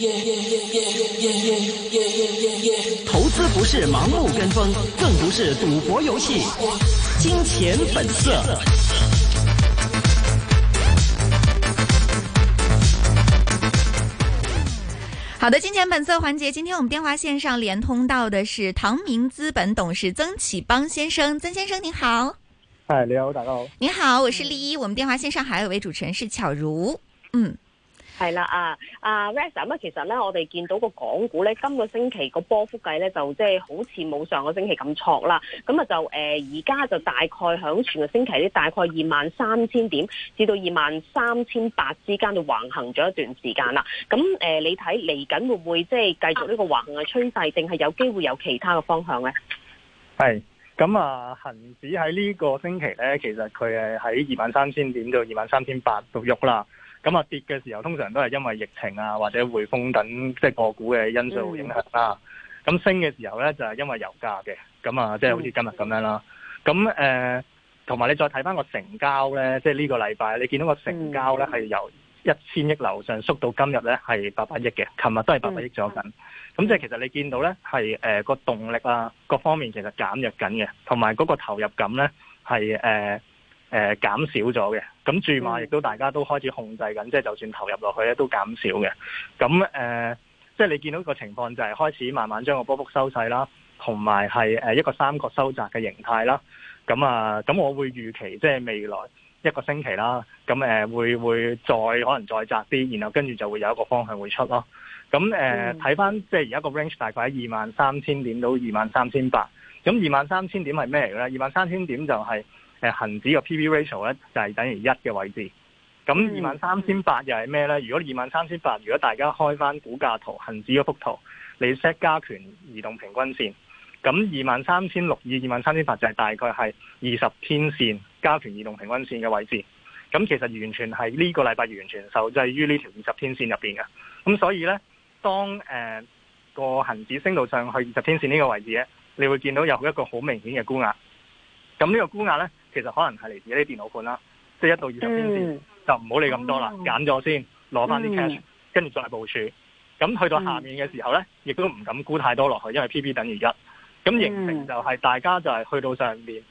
Yeah, yeah, yeah, yeah, yeah, yeah, yeah, yeah 投資不是盲目跟風，更不是賭博遊戲，金錢本色。好的，金錢本色環節，今天我們電話線上連通到的是唐明資本董事曾啟邦先生。曾先生您好。嗨，你好，大家好。您好，我是麗一，我們電話線上還有位主持人是巧如，嗯。係啦，啊，阿 Rasa，咁啊，Ressa，其實咧，我哋見到個港股咧，今個星期個波幅計咧，就即係好似冇上個星期咁挫啦。咁啊，就、呃、誒，而家就大概喺全個星期咧，大概二萬三千點至到二萬三千八之間就橫行咗一段時間啦。咁誒、呃，你睇嚟緊會唔會即係繼續呢個橫行嘅趨勢，定係有機會有其他嘅方向咧？係，咁、嗯、啊，恒指喺呢個星期咧，其實佢係喺二萬三千點到二萬三千八度喐啦。咁啊，跌嘅時候通常都係因為疫情啊，或者匯豐等即係個股嘅因素影響啦。咁、嗯、升嘅時候咧就係、是、因為油價嘅，咁啊即係好似今日咁樣啦。咁誒同埋你再睇翻個成交咧，即係呢個禮拜你見到個成交咧係由一千億樓上縮到今日咧係八百億嘅，琴日都係八百億左緊。咁即係其實你見到咧係誒個動力啊各方面其實減弱緊嘅，同埋嗰個投入感咧係誒。誒、呃、減少咗嘅，咁注碼亦都大家都開始控制緊、嗯，即係就算投入落去咧都減少嘅。咁誒、呃，即係你見到個情況就係開始慢慢將個波幅收細啦，同埋係一個三角收窄嘅形態啦。咁啊，咁我會預期即係未來一個星期啦，咁誒、呃、會會再可能再窄啲，然後跟住就會有一個方向會出咯。咁誒睇翻即係而家個 range 大概喺二萬三千點到二萬三千八。咁二萬三千點係咩嚟咧？二萬三千點就係、是。誒，恒指個 P/B ratio 咧就係等於一嘅位置。咁二萬三千八又係咩呢？如果二萬三千八，如果大家開翻股價圖、恒指嗰幅圖，你 set 加權移動平均綫，咁二萬三千六二、二萬三千八就係大概係二十天綫加權移動平均綫嘅位置。咁其實完全係呢個禮拜完全受制於呢條二十天綫入邊嘅。咁所以呢，當誒個恒指升到上去二十天綫呢個位置呢，你會見到有一個好明顯嘅沽壓。咁呢個沽壓呢。其實可能係嚟自啲電腦盤啦，即係一到二十先先，就唔好理咁多啦，揀、嗯、咗先，攞翻啲 cash，跟、嗯、住再部署。咁去到下面嘅時候呢，亦都唔敢估太多落去，因為 P/B 等於一。咁形成就係大家就係去到上面，誒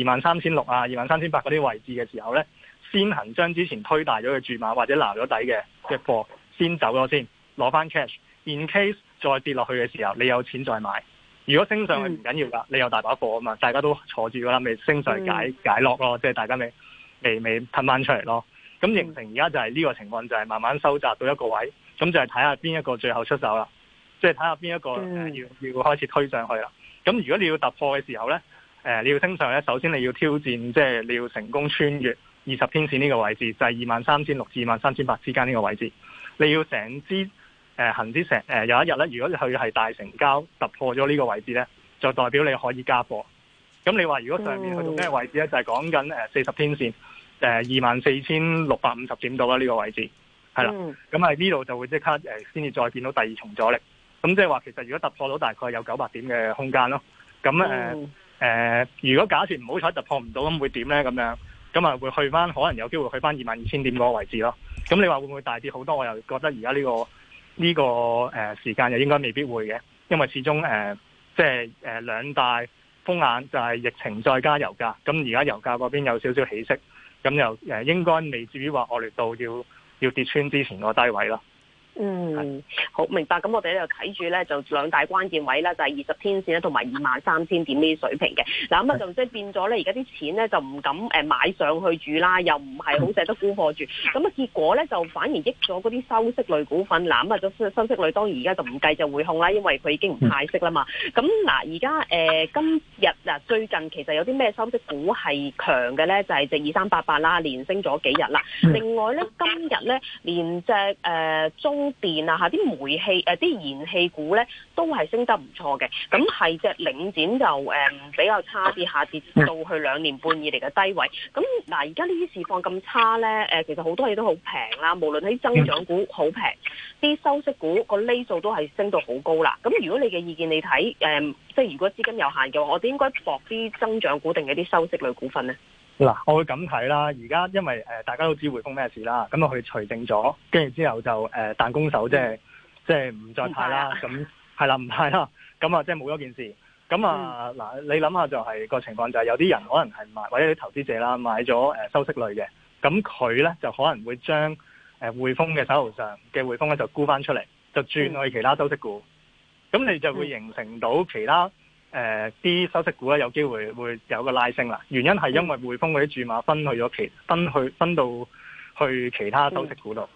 二萬三千六啊，二萬三千八嗰啲位置嘅時候呢，先行將之前推大咗嘅注碼或者撈咗底嘅嘅貨先走咗先，攞翻 cash，in case 再跌落去嘅時候，你有錢再買。如果升上去唔緊要㗎、嗯，你有大把貨啊嘛，大家都坐住㗎啦，咪升上去解解落咯、嗯，即係大家咪咪咪吞翻出嚟咯。咁、嗯、形成而家就係呢個情況，就係、是、慢慢收窄到一個位，咁就係睇下邊一個最後出手啦。即係睇下邊一個、嗯呃、要要開始推上去啦。咁如果你要突破嘅時候呢，誒、呃、你要升上去咧，首先你要挑戰，即、就、係、是、你要成功穿越二十天線呢個位置，就係二萬三千六至二萬三千八之間呢個位置，你要成支。誒、呃、行之成誒、呃、有一日咧，如果佢係大成交突破咗呢個位置咧，就代表你可以加貨。咁你話如果上面去到咩位置咧、嗯，就係講緊誒四十天線誒、呃、二萬四千六百五十點度啦，呢、這個位置係啦。咁喺呢度就會即刻先至、呃、再變到第二重阻力。咁即係話其實如果突破到大概有九百點嘅空間咯。咁誒、呃嗯呃、如果假設唔好彩突破唔到，咁會點咧？咁樣咁啊，會，會去翻可能有機會去翻二萬二千點嗰個位置咯。咁你話會唔會大跌好多？我又覺得而家呢個。呢、這個誒時間又應該未必會嘅，因為始終誒、呃、即係誒兩大風眼就係疫情再加油價，咁而家油價嗰邊有少少起色，咁又誒應該未至於話惡劣到要要跌穿之前個低位咯。嗯，好明白。咁我哋咧就睇住咧就兩大關鍵位啦，就係二十天線咧同埋二萬三千點呢啲水平嘅。嗱咁啊就即係變咗咧，而家啲錢咧就唔敢誒買上去住啦，又唔係好捨得沽貨住。咁啊結果咧就反而益咗嗰啲收息類股份。嗱咁啊，就收息類當然而家就唔計就匯控啦，因為佢已經唔派息啦嘛。咁嗱，而家誒今日嗱最近其實有啲咩收息股係強嘅咧，就係隻二三八八啦，連升咗幾日啦。另外咧今日咧連隻誒、呃、中。電啊，吓啲煤氣誒，啲燃氣股咧都係升得唔錯嘅。咁係只領展就誒、嗯、比較差啲，下跌到去兩年半以嚟嘅低位。咁嗱，而、啊、家呢啲市況咁差咧，誒其實好多嘢都好平啦。無論喺增長股好平，啲收息股個厘數都係升到好高啦。咁如果你嘅意見你，你睇誒，即係如果資金有限嘅話，我哋應該搏啲增長股定係啲收息類股份咧？嗱，我會咁睇啦。而家因為誒、呃，大家都知匯豐咩事啦。咁啊，佢除定咗，跟住之後就誒彈弓手，即係即係唔再派啦。咁、嗯、係、嗯、啦，唔派啦。咁啊，即係冇咗件事。咁啊，嗱、嗯，你諗下就係個情況就係有啲人可能係買，或者啲投資者啦買咗誒、呃、收息類嘅。咁佢咧就可能會將誒匯豐嘅手頭上嘅匯豐咧就沽翻出嚟，就轉去其他收息股。咁、嗯、你就會形成到其他。誒、呃、啲收息股咧，有機會會有個拉升啦。原因係因為匯豐嗰啲注碼分去咗其分去分到去其他收息股度。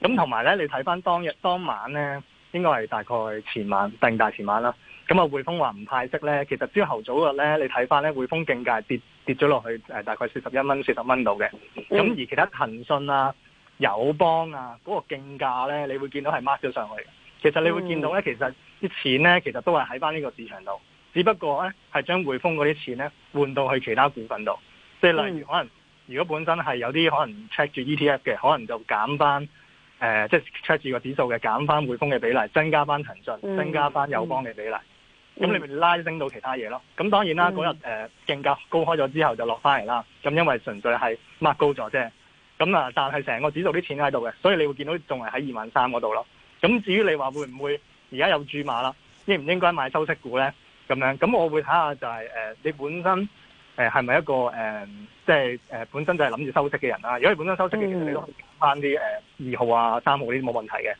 咁同埋咧，你睇翻當日當晚咧，應該係大概前晚定大前晚啦。咁啊，匯豐話唔派息咧，其實朝頭早嘅咧，你睇翻咧，匯豐競價跌跌咗落去大概四十一蚊四十蚊度嘅。咁而其他騰訊啊、友邦啊嗰、那個競價咧，你會見到係 mark 咗上去。其實你會見到咧，其實啲錢咧，其實都係喺翻呢個市場度。只不過咧，係將匯豐嗰啲錢咧，換到去其他股份度，即係例如可能、嗯、如果本身係有啲可能 check 住 ETF 嘅，可能就減翻即係 check 住個指數嘅減翻匯豐嘅比例，增加翻騰訊，增加翻友邦嘅比例，咁、嗯、你咪拉升到其他嘢咯。咁、嗯、當然啦，嗰日誒競價高開咗之後就落翻嚟啦。咁因為純粹係抹高咗啫。咁啊，但係成個指數啲錢喺度嘅，所以你會見到仲係喺二萬三嗰度咯。咁至於你話會唔會而家有注碼啦？應唔應該買收息股咧？咁樣，咁我會睇下就係、是、誒、呃，你本身誒係咪一個誒、呃，即係誒、呃、本身就係諗住收息嘅人啦。如果你本身收息嘅、嗯，其實你都可以買翻啲誒二號啊、三號呢啲冇問題嘅。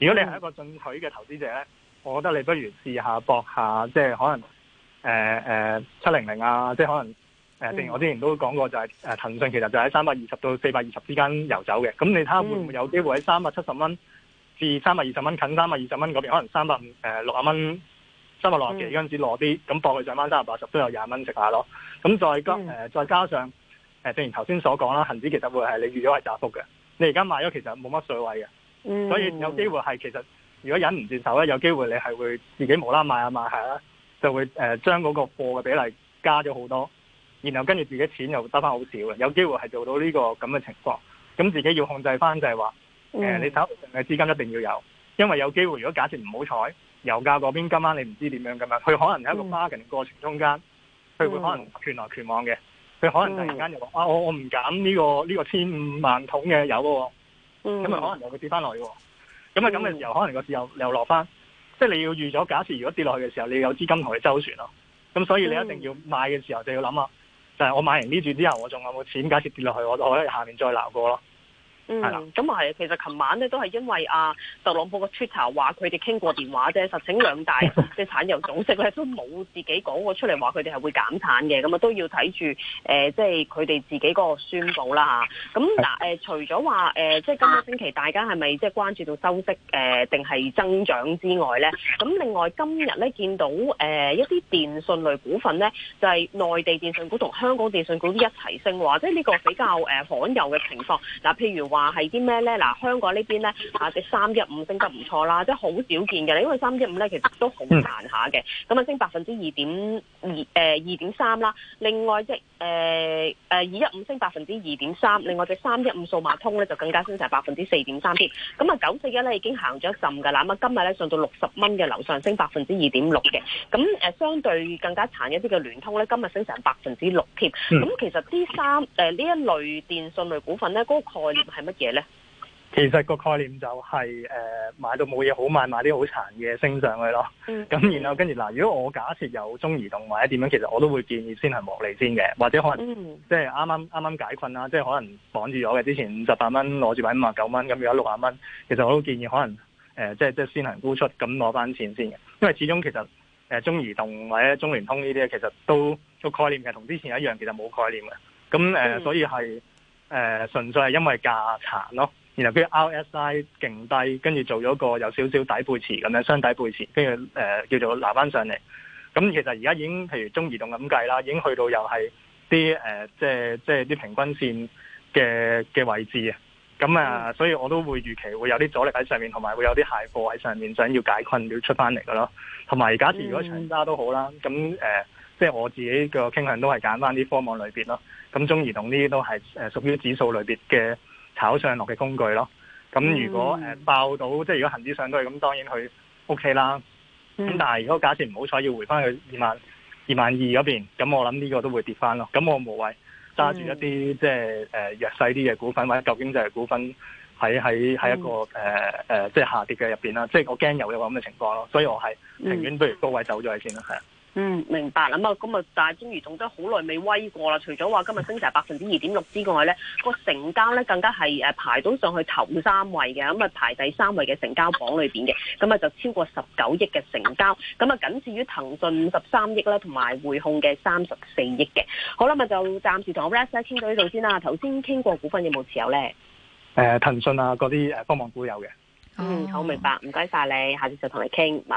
如果你係一個進取嘅投資者咧，我覺得你不如試下博下，即係可能誒誒七零零啊，即係可能誒。定、嗯、如、呃、我之前都講過、就是，就係誒騰訊其實就喺三百二十到四百二十之間遊走嘅。咁你睇下會唔會有機會喺三百七十蚊至三百二十蚊近三百二十蚊嗰邊，可能三百誒六啊蚊。三百六十幾，嗰陣時攞啲，咁博佢上返三百八十都有廿蚊食下咯。咁再加再加上誒、嗯呃呃，正如頭先所講啦，恒指其實會係你預咗係窄幅嘅。你而家買咗，其實冇乜水位嘅、嗯，所以有機會係其實如果忍唔住手咧，有機會你係會自己無啦買呀買下啦，就會將嗰、呃、個貨嘅比例加咗好多，然後跟住自己錢又得翻好少嘅，有機會係做到呢、這個咁嘅情況。咁自己要控制翻就係話，誒、呃、你手嘅資金一定要有，因為有機會如果假設唔好彩。油價嗰邊今晚你唔知點樣噶嘛？佢可能喺一個 bargain 過程中間，佢、嗯、會可能權來權往嘅，佢可能突然間又話啊，我我唔減呢個呢、呢個千五萬桶嘅油咯，咁、嗯、咪可能又會跌翻落去咁啊，咁嘅時候可能個油又落翻、嗯，即係你要預咗，假設如果跌落去嘅時候，你有資金同佢周旋咯，咁所以你一定要買嘅時候就要諗下：「就係、是、我買完呢注之後，我仲有冇錢？假設跌落去，我我喺下面再撈過咯。嗯，咁啊係，其實琴晚咧都係因為啊特朗普嘅 Twitter 話佢哋傾過電話啫，實請兩大 即產油組織咧都冇自己講過出嚟話佢哋係會減產嘅，咁啊都要睇住誒，即係佢哋自己嗰個宣佈啦吓。咁嗱誒，除咗話誒，即係今個星期大家係咪即係關注到收息誒定係增長之外咧？咁另外今日咧見到誒、呃、一啲電信類股份咧，就係、是、內地電信股同香港電信股一齊升，話即係呢個比較誒、呃、罕有嘅情況。嗱、呃，譬如話。話係啲咩咧？嗱，香港呢邊咧嚇，隻三一五升得唔錯啦，即係好少見嘅，因為三一五咧其實都好難下嘅，咁啊升百分之二點二，誒二點三啦。另外隻誒誒二一五升百分之二點三，另外隻三一五數碼通咧就更加升成百分之四點三添。咁啊九四一咧已經行咗一陣㗎啦，咁啊今日咧上到六十蚊嘅樓上升，升百分之二點六嘅。咁誒相對更加殘一啲嘅聯通咧，今日升成百分之六添。咁其實呢三誒呢、呃、一類電信類股份咧，嗰、嗰個概念係。乜嘢咧？其實個概念就係、是、誒、呃、買到冇嘢好買買啲好殘嘅升上去咯。咁、嗯、然後跟住嗱、呃，如果我假設有中移動或者點樣，其實我都會建議先行獲利先嘅，或者可能、嗯、即係啱啱啱啱解困啦，即係可能綁住咗嘅之前五十八蚊攞住買五啊九蚊，咁如果六啊蚊，其實我都建議可能、呃、即係即係先行沽出，咁攞翻錢先嘅。因為始終其實、呃、中移動或者中聯通呢啲其實都個概念其實同之前一樣，其實冇概念嘅。咁、呃嗯、所以係。誒、呃、純粹係因為價殘咯，然後跟住 RSI 勁低，跟住做咗個有少少底背馳咁樣雙底背馳，跟住誒叫做拿翻上嚟。咁其實而家已經譬如中移動咁計啦，已經去到又係啲誒即係即係啲平均線嘅嘅位置啊。咁啊、呃嗯，所以我都會預期會有啲阻力喺上面，同埋會有啲鞋貨喺上面，想要解困，要出翻嚟嘅咯。同埋假設，如果長揸都好啦，咁、嗯、誒、呃，即係我自己嘅傾向都係揀翻啲科網裏面咯。咁中移動呢啲都係誒屬於指數裏面嘅炒上落嘅工具咯。咁如果誒、呃嗯、爆到，即係如果恒指上都係，咁當然佢 OK 啦。咁、嗯、但係如果假設唔好彩要回翻去二萬二萬二嗰邊，咁我諗呢個都會跌翻咯。咁我無謂。揸、嗯、住一啲即係誒弱勢啲嘅股份，或者究竟就係股份喺喺喺一個誒誒、呃呃、即係下跌嘅入邊啦，即係我驚有嘅咁嘅情況咯，所以我係寧願不如高位走咗先啦，係、嗯。嗯，明白啊咁啊，但大中移仲都好耐未威過啦。除咗話今日升成百分之二點六之外咧，個成交咧更加係誒排到上去頭三位嘅，咁、嗯、啊排第三位嘅成交榜裏邊嘅，咁、嗯、啊就超過十九億嘅成交，咁啊僅次於騰訊五十三億啦，同埋匯控嘅三十四億嘅。好啦，咁、嗯、啊就暫時同我 last 下傾到呢度先啦。頭先傾過股份有冇持有咧？誒、呃，騰訊啊，嗰啲誒，科網股有嘅。嗯，好明白，唔該晒你，下次就同你傾。